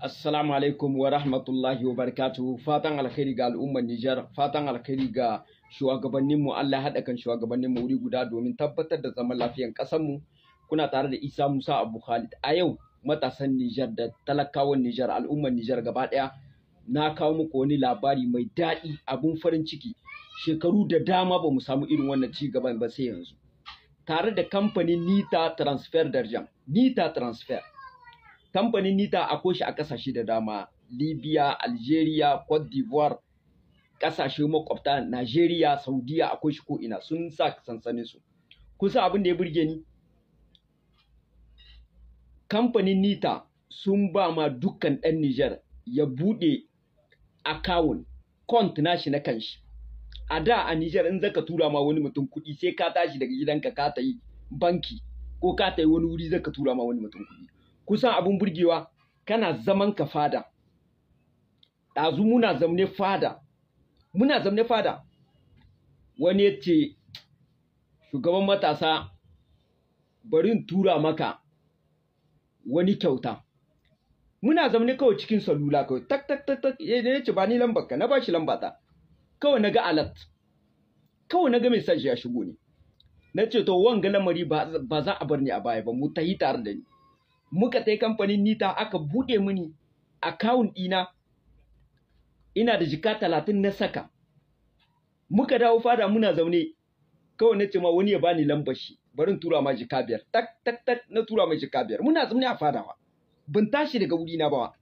Assalamu alaikum wa rahmatullahi wa barakatuhu fatan alkhairi ga al'ummar Nijar fatan alkhairi ga shugabanninmu Allah hada kan mu wuri guda domin tabbatar da zaman lafiyar mu kuna tare da Isa Musa Abu Khalid a yau matasan Nijar da talakawan Nijar al'ummar Nijar gaba ɗaya na kawo muku wani labari mai daɗi abun farin ciki shekaru da dama ba mu samu irin wannan ci gaban ba sai yanzu tare da kamfanin Nita Transfer Darjam Nita Transfer kamfanin nita a shi a kasashe da dama libya algeria cote d'ivoire ƙasashe makwabta nigeria saudiya koshi shi ina sun sa sansanin su kusa abin da ya burge ni kamfanin nita sun ba ma dukkan ɗan niger ya buɗe akawun kont nashi na kanshi a da a niger in zaka tura ma wani mutum kuɗi sai ka tashi daga gidanka ka ta yi banki ko ka ta yi wani wuri zaka tura ma wani mutum kuɗi kusan abin burgewa kana zaman ka fada ɗazu muna zamne fada muna zamne fada wani ya ce shugaban matasa bari in tura maka wani kyauta muna zamne kawai cikin salula kawai tak tak tak tak ya ce ba ni lambar ka na ba shi lambata kawai na ga alat kawai na ga mai ya shigo ne na ce to wanga lamari ba za a bar ni a baya ba mu ta yi tare da ni muka tai kamfanin nita aka buɗe mini akawun ɗina ina da jika talatin na saka muka dawo fada muna zaune kawai na ce ma wani ya bani lambar shi barin tura ma jika biyar tak tak tak na tura mai jika biyar muna zaune a fadawa ban tashi daga wuri na ba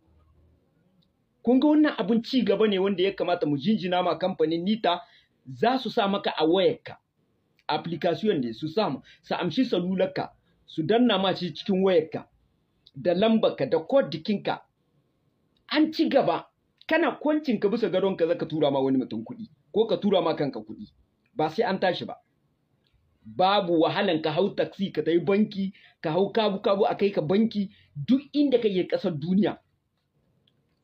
kun ga wannan abin ci gaba ne wanda ya kamata mu jinjina ma kamfanin nita za su sa maka a wayarka application ne su sa su amshi salularka su danna ma cikin wayarka da lambarka da kod jikinka an ci gaba kana kwancin ka bisa gadon ka zaka tura ma wani mutum kuɗi ko ka tura ma kanka kuɗi ba sai an tashi ba babu wahalan ka hau taxi ka tai banki ka hau kabu kabu a kai ka banki duk inda ka yi ƙasar duniya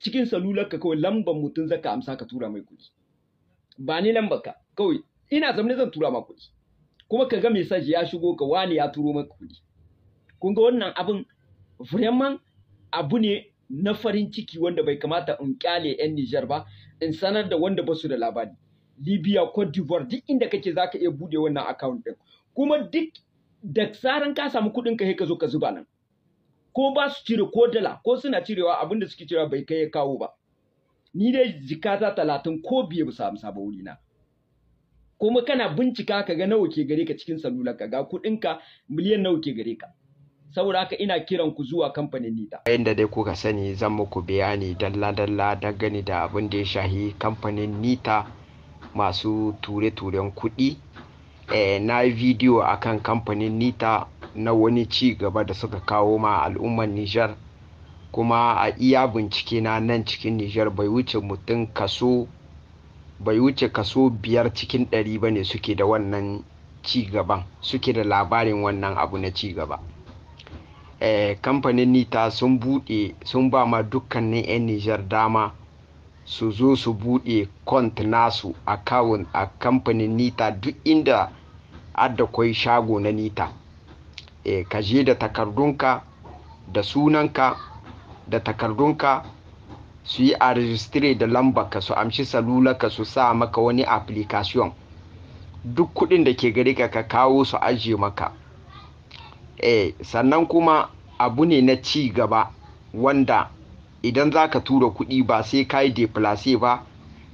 cikin salular ka kawai lambar mutum zaka amsa ka tura mai kuɗi ba ni lambar ka kawai ina zamne zan tura ma kuɗi kuma ka ga message ya shigo ka wani ya turo maka kuɗi kun ga wannan abin vraiment abu ne na farin ciki wanda bai kamata in kyale 'yan Nijar ba in sanar da wanda basu da labari. Libya, Cote d'Ivoire duk inda kake zaka iya bude wannan account din. Kuma duk da tsaran ka samu kuɗin ka ka zo ka zuba nan. Ko ba su cire ko dala ko suna cirewa abin da suke cirewa bai kai ya kawo ba. Ni dai jikata talatin ko biye ba samu sabo wuri na. Kuma kana bincika ka ga nawa ke gare ka cikin salular ka ga kuɗin ka miliyan nawa ke gare ka. saboda haka ina kiran ku zuwa kamfanin nida da dai kuka sani zan muku bayani dalla-dalla gani da abin da ya shahi kamfanin nita masu ture-turen kuɗi eh, na yi bidiyo akan kamfanin nita na wani ci gaba da suka kawo ma al'ummar nijar kuma a iya bincike na nan cikin nijar bai wuce kaso bai wuce kaso biyar cikin ɗari ba ne suke da wannan ci gaban suke da labarin wannan abu na ci gaba Eh, kamfanin nita sun buɗe sun ba ma dukkanin 'yan nijar dama su zo su buɗe kont nasu akawun a kamfanin nita duk inda adda shago na nita e, ka je da takardunka da sunanka da takardunka su yi a rijistire da lambarka su amshi ka su sa maka wani application duk kudin da ke gari ka ka kawo su ajiye maka eh sannan kuma abu ne na ci gaba wanda idan za ka tura kuɗi ba sai ka yi deplace ba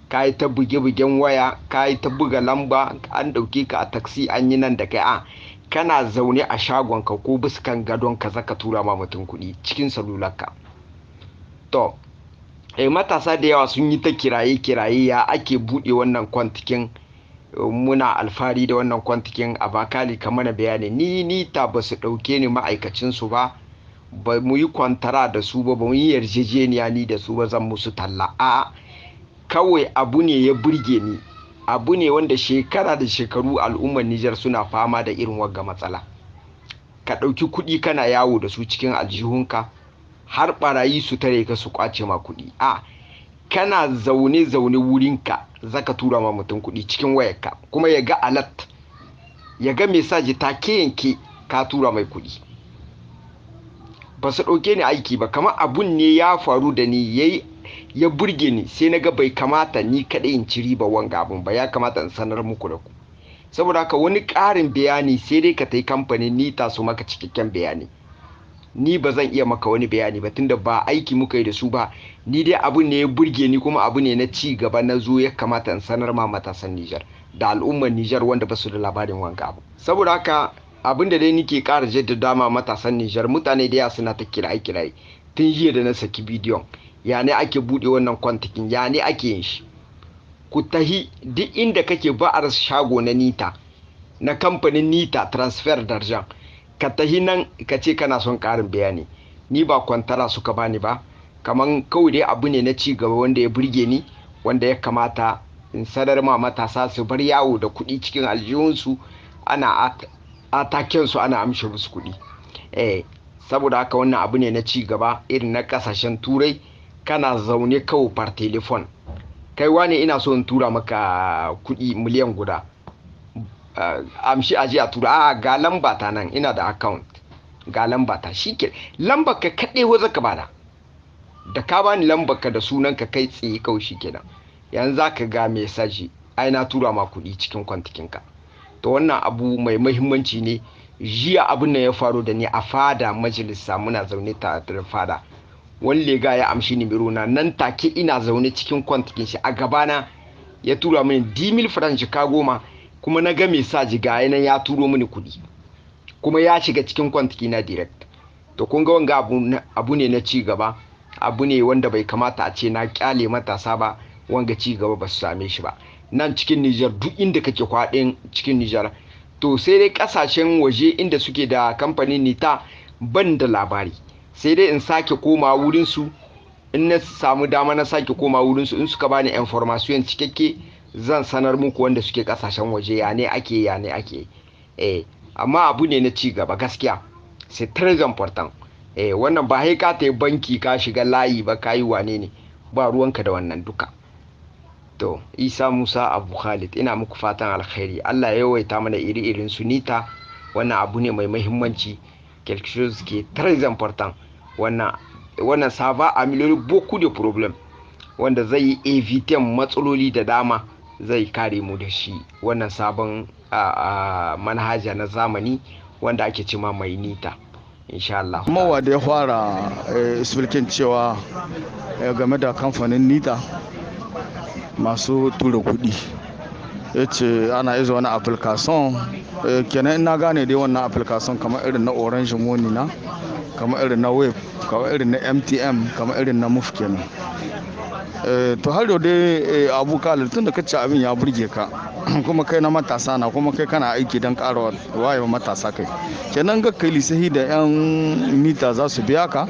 ka yi ta buge-bugen waya ka yi ta buga lamba an ɗauke ka a taksi an yi nan da kai a kana zaune a shagonka ko biskan gadon ka zaka tura ma mutum kuɗi cikin salularka to eh matasa da yawa sun yi ta kiraye-kiraye ya ake buɗe wannan kwantikin muna alfahari da wannan kwantikin abakali kamar bayani ni nita ba su ɗauke ni ma'aikacinsu ba ba mu yi kwantara da su ba ba mu yi yarjejeniya ni da su ba zan musu talla a kawai abu ne ya burge ni abu ne wanda shekara da shekaru al'ummar Nijar suna fama da irin wagga matsala ka ɗauki kuɗi kana yawo da su cikin aljihunka har ɓarayi su tare ka su kwace ma kuɗi a kana zaune zaune wurinka zaka tura ma mutum kuɗi cikin wayarka kuma ya ga alat ya ga mesaji ke yanke ka tura mai kuɗi ba su ɗauke ni aiki ba kamar abun ne ya faru da ni ya ya burge ni sai na ga bai kamata ni kaɗai in ci riba wanga abun ba ya kamata in sanar muku da ku saboda haka wani ƙarin bayani sai dai ka ta yi kamfanin ni taso maka cikakken bayani ni ba zan iya maka wani bayani ba tunda ba aiki muka yi da su ba ni dai abu ne ya burge ni kuma abu ne na ci gaba na zo ya kamata in sanar ma matasan Nijar da al'ummar Nijar wanda ba su da labarin wanka ba. saboda haka abin da dai nike ƙara jaddada ma matasan Nijar mutane da yawa suna ta kiraye kiraye tun jiya da na saki bidiyon ya ne ake buɗe wannan kwantikin ya ne ake yin shi ku tahi duk inda kake ba a shago na nita na kamfanin nita transfer darjan ka tahi nan ka ce kana son ƙarin bayani ni ba kwantara suka bani ba kamar kawai dai abu ne na ci gaba wanda ya burge ni wanda ya kamata in sadar ma matasa su bar yawo da kuɗi cikin aljihunsu ana su ana amshe musu kuɗi eh saboda haka wannan abu ne na ci gaba irin na kasashen turai kana zaune kawai par telefon kai wane ina so in tura maka kuɗi miliyan guda Ah, amshi aji a tura a ah, ga lamba ta nan ina da account ga lamba ta shike lamba ka kaɗe waza ka bada da ka bani lamba ka da sunan ka kai tsaye kawai kenan yanzu za ka ga mesaji ai na tura ma kuɗi cikin kwantikin ka to wannan abu mai muhimmanci ne jiya abin da ya faru da ni a fada majalisa muna zaune ta da fada wani lega ya amshi nimiro na nan take ina zaune cikin kwantikin shi a gabana ya tura mini dimil franc ka goma kuma na ga message ga yana ya turo mini kuɗi kuma ya shiga cikin kwantiki na direct to kun ga wanga abu ne na ci gaba abu ne wanda bai kamata a ce na kyale matasa ba wanga ci gaba ba su same shi ba nan cikin Nijar duk inda kake kwaɗin cikin Nijar to sai dai kasashen waje inda suke da kamfanin nita ban da labari sai dai in sake koma su in na samu dama na sake koma wurin su in suka bani information cikakke zan sanar muku wanda suke kasashen waje ya ne ake ya ne ake eh amma abu ne na ci gaba gaskiya c'est très important eh wannan ba sai ka yi banki ka shiga layi ba kayi wane ne ba ruwanka da wannan duka to isa musa abu khalid ina muku fatan alkhairi allah ya yawaita mana iri irin sunita. wannan abu ne mai mahimmanci quelque chose qui est très important wannan wannan sava améliorer beaucoup de problèmes wanda zai yi evitan matsaloli da dama zai kare mu da shi wannan sabon manhaja na zamani wanda ake cima mai nita insha Allah. Mawa da ya fara sulkin eh, cewa eh, game da kamfanin nita masu tura kuɗi ya ce ana izo wani application eh, kenan ina gane dai wannan application kamar irin na orange money na kamar irin na wave kamar irin na mtm kamar irin na muf kenan Eh, to har yau dai eh, abu kalir tun da ka ci abin ya burge ka kuma kai na matasa na kuma kai kana aiki don ƙara wayewa matasa kai kenan ga kai lisahi da 'yan mita za su biya ka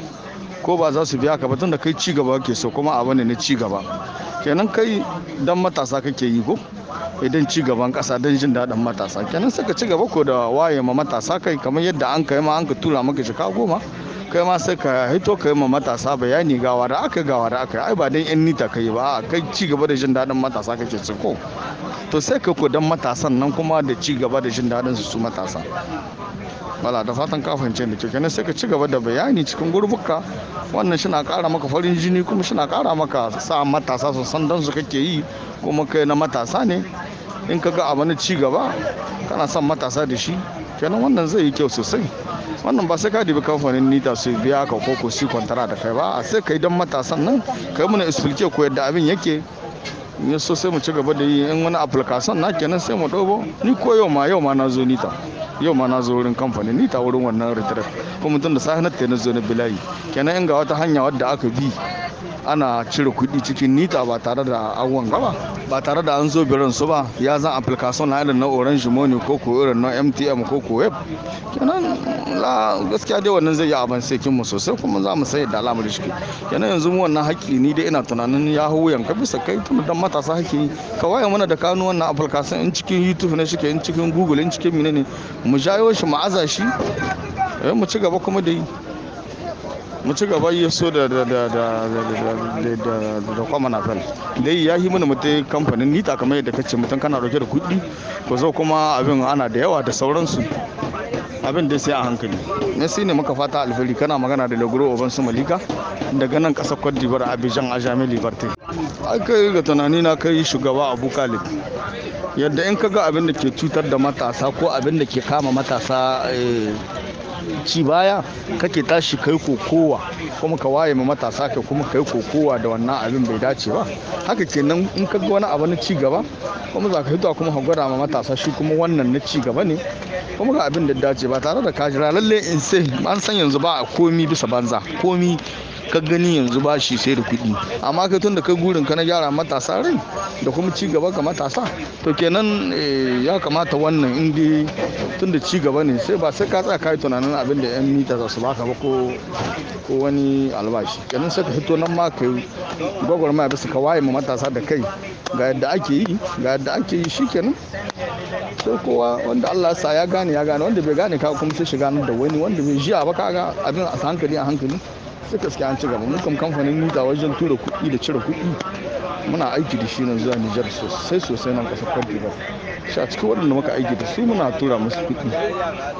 ko ba za su biya ka ba tun da kai ci gaba ke so kuma abu ne na ci gaba kenan kai dan matasa kake yi ko idan eh, ci gaban kasa don jin daɗin matasa kenan saka ci gaba ko da waye ma matasa kai kamar yadda an kai ma an ka tura maka ka goma kai ma sai ka hito ka yi ma matasa bayani gawa da aka gawa da aka ai ba dan yan nita kai ba kai ci gaba da jin daɗin matasa kake ci ko to sai ka dan matasan nan kuma da ci gaba da jin daɗin su su matasa wala da fatan ka fahimce da ke sai ka ci gaba da bayani cikin gurbuka wannan shi na ƙara maka farin jini kuma shi na ƙara maka sa matasa su san dan su kake yi kuma kai na matasa ne in ka ga abu na ci gaba kana son matasa da shi kenan wannan zai yi kyau sosai wannan ba sai ka dubi kamfanin nita su biya ka ko ko su kwantara da kai ba a sai kai don matasan nan kai muna explique ko yadda abin yake ne so sai mu ci gaba da yi in wani application na kenan sai mu dobo ni ko yau ma yau ma na zo nita yau ma na zo wurin kamfani nita wurin wannan retreat kuma tun da sahinar ta na zo na bilayi kenan in ga wata hanya wadda aka bi ana cire kuɗi cikin nita ba tare da an wanga ba ba tare da an zo birin su ba ya zan application na irin na orange money ko ko irin na mtm ko ko web kenan la gaskiya dai wannan zai yi abin sai mu sosai kuma za mu sai da alamar shi kenan yanzu mu wannan haƙƙi ni dai ina tunanin ya hawo yanka bisa kai tun dan matasa haƙƙi ka waye mana da kanu wannan application in cikin youtube ne shike in cikin google in cikin mine ne mu jayo shi mu aza shi eh, mu ci gaba kuma dai. mu ci gaba yi so da da da da na fel dai ya yi mana mutu kamfanin nita kamar yadda kace mutum kana roke da kuɗi ko zo kuma abin ana da yawa da sauransu abin da sai a hankali messi ne muka fata alfili kana magana da lagoro oban su malika daga nan kasar cote d'ivoire abidjan a jami liberté an kai ga tunani na kai shugaba abu kalib yadda in ka ga abin da ke cutar da matasa ko abin da ke kama matasa eh, ci baya kake tashi kai kokowa kuma ka waye ma matasa ka kuma kai kokowa da wannan abin bai dace ba haka kenan in ka ga wani abu na ci gaba kuma za ka hito kuma ka gwada ma matasa shi kuma wannan na ci gaba ne kuma ga abin da dace ba tare da ka jira lalle in sai an san yanzu ba a komi bisa banza komi ka gani yanzu ba shi sai da kuɗi amma kai tun da kai gurin ka na gyara matasa rai da kuma ci gaba ga matasa to kenan eh, ya kamata wannan in dai tun da ci gaba ne sai ba sai ka tsaya kai tunanin abin da yan mita za su baka ba ko ko wani albashi kenan sai ka fito nan ma kai gwagwarmaya bisa ka waye ma matasa da kai ga yadda ake yi ga yadda ake yi shikenan sai kowa wanda Allah sa ya gane ya gane wanda bai gane ka kuma sai shiga da wani wanda bai jiya ba ka ga abin a hankali a hankali suka suke an ci gaba mu kamfanin mita wajen tura kuɗi da cire kuɗi muna aiki da shi nan zuwa Nijar sosai sosai nan kasar Cote d'Ivoire shi a cikin waɗanda muka aiki da su muna tura musu kuɗi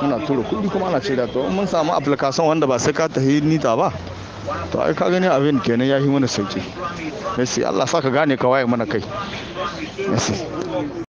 muna tura kuɗi kuma ana cire to mun samu application wanda ba sai ka tafi nita ba to ai ka gani abin kenan ya yi mana sauki Messi Allah saka gane ka waye mana kai Messi